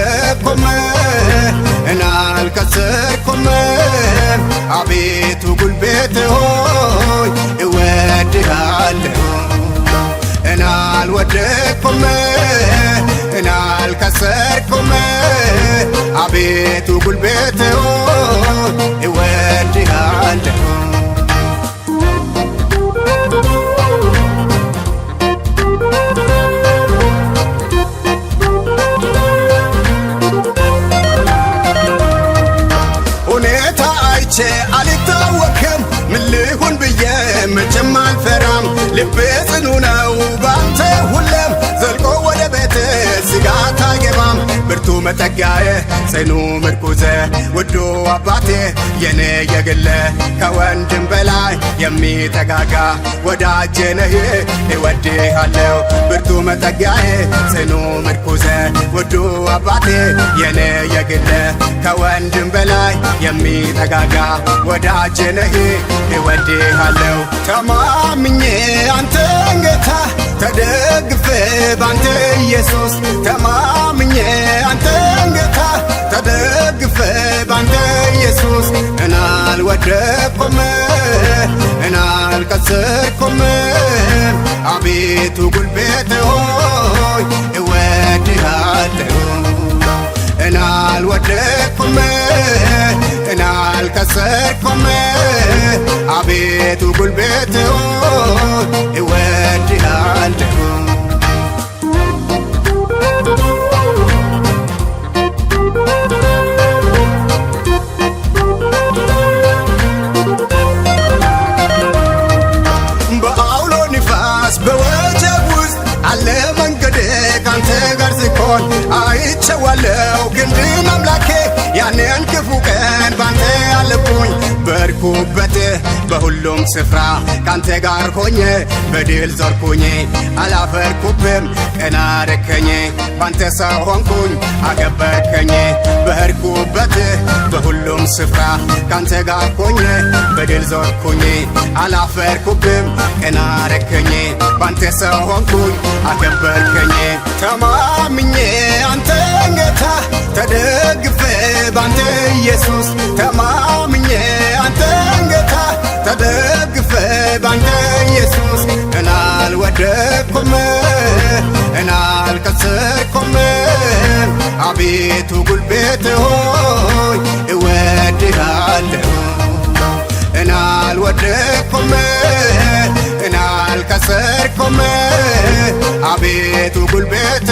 አልወደድኩም እና አልከሰርኩም። አቤቱ ጉልቤት ሆይ እወድሃለሁ እና አልወደድኩም እና አልከሰርኩም። አቤቱ ጉልቤት ሆይ አልታወከም ምን ልሁን ብዬ መቼም አልፈራም ልቤ ጽኑ ነው ባንተ ሁለም ዘልቆ ወደ ቤት ስጋት አይገባም ብርቱ መጠጊያዬ ጽኑ ምርኩዜ ውዱ አባቴ የኔ የግለ ከወንድም በላይ የሚጠጋጋ ወዳጄ ነህ እወድሃለሁ ብርቱ መጠጊያዬ ጽኑ አባቴ የኔ የግለ ከወንድም በላይ የሚጠጋጋ ወዳጄ ነህ እወድሃለው ተማምኜ አንተን ጌታ ተደግፌ ባንተ ኢየሱስ ተማምኜ አንተን ጌታ ተደግፌ ባንተ ኢየሱስ እናልወደቅኩም እናልቀሰርኩም አቤቱ ጉልቤት ሆይ አልወደቅኩም፣ እና አልከሰርኩም። አቤቱ ጉልበቴ ሆይ እወድሃለሁ። በአውሎ ንፋስ በወጀብ ውስጥ አለ መንገዴ ካንተ ጋር ሲኮን አይቼዋለሁ ግን አምላኬ ያንን ክፉ ቀን ባንተ በሄድኩበት በሁሉም ስፍራ ካንተ ጋር ሆኜ በድል ዞርኩኝ አላፈርኩብም። ቀና አረከኝ ባንተ ሰው ሆንኩኝ አገበከኝ በሄድኩበት በሁሉም ስፍራ ካንተ ጋር ሆኜ በድል ዞርኩኝ አላፈርኩብም። ቀና አረከኝ ባንተ ሰው ሆንኩኝ አገበርከኝ ተማምኜ አንተ ጌታ ተደግፌ ባንተ ኢየሱስ ተማምኜ ባንተን ጌታ ተደግፌ ባንተን ኢየሱስ እናልወደቅኩም እናልከሰርኩም አቤቱ ጉልቤት ሆይ እወድሃለሁ እናልወደቅኩም እናልከሰርኩም አቤቱ ጉልቤት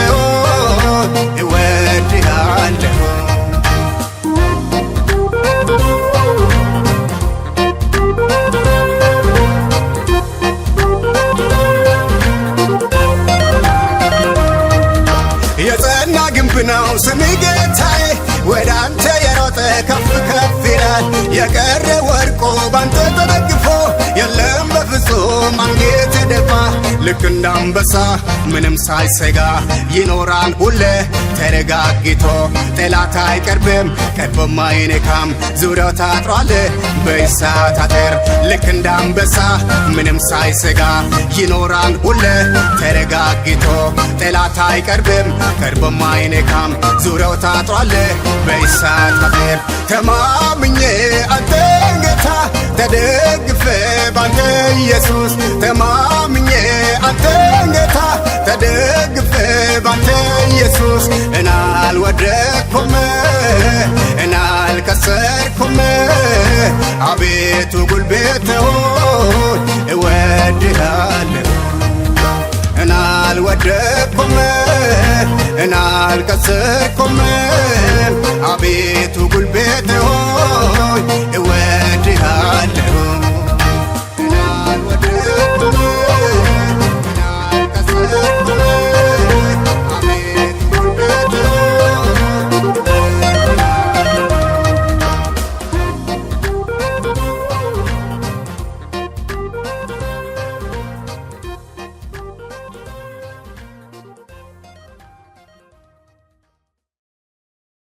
ይቆማል የተደፋ ልክ እንዳንበሳ ምንም ሳይሰጋ ይኖራል ሁሌ ተረጋግቶ ጠላት አይቀርብም ቀርቦም አይነካም ዙሪያው ታጥሯል በእሳት አጥር ልክ አንበሳ ምንም ሳይሰጋ ይኖራል ሁሌ ተረጋግቶ ጠላት አይቀርብም ቀርቦም አይነካም ዙሪያው ታጥሯል በእሳት አጥር ተማምኜ አንተ ተደግፌ ባንተ ኢየሱስ ተማምኜ አንተን ጌታ ተደግፌ ባንተ ኢየሱስ እና አልወደቅኩም እና አልከሰርኩም አቤቱ ጉልቤቴ ሆይ እወድሃለሁ እና አልወደቅኩም እና አልከሰርኩም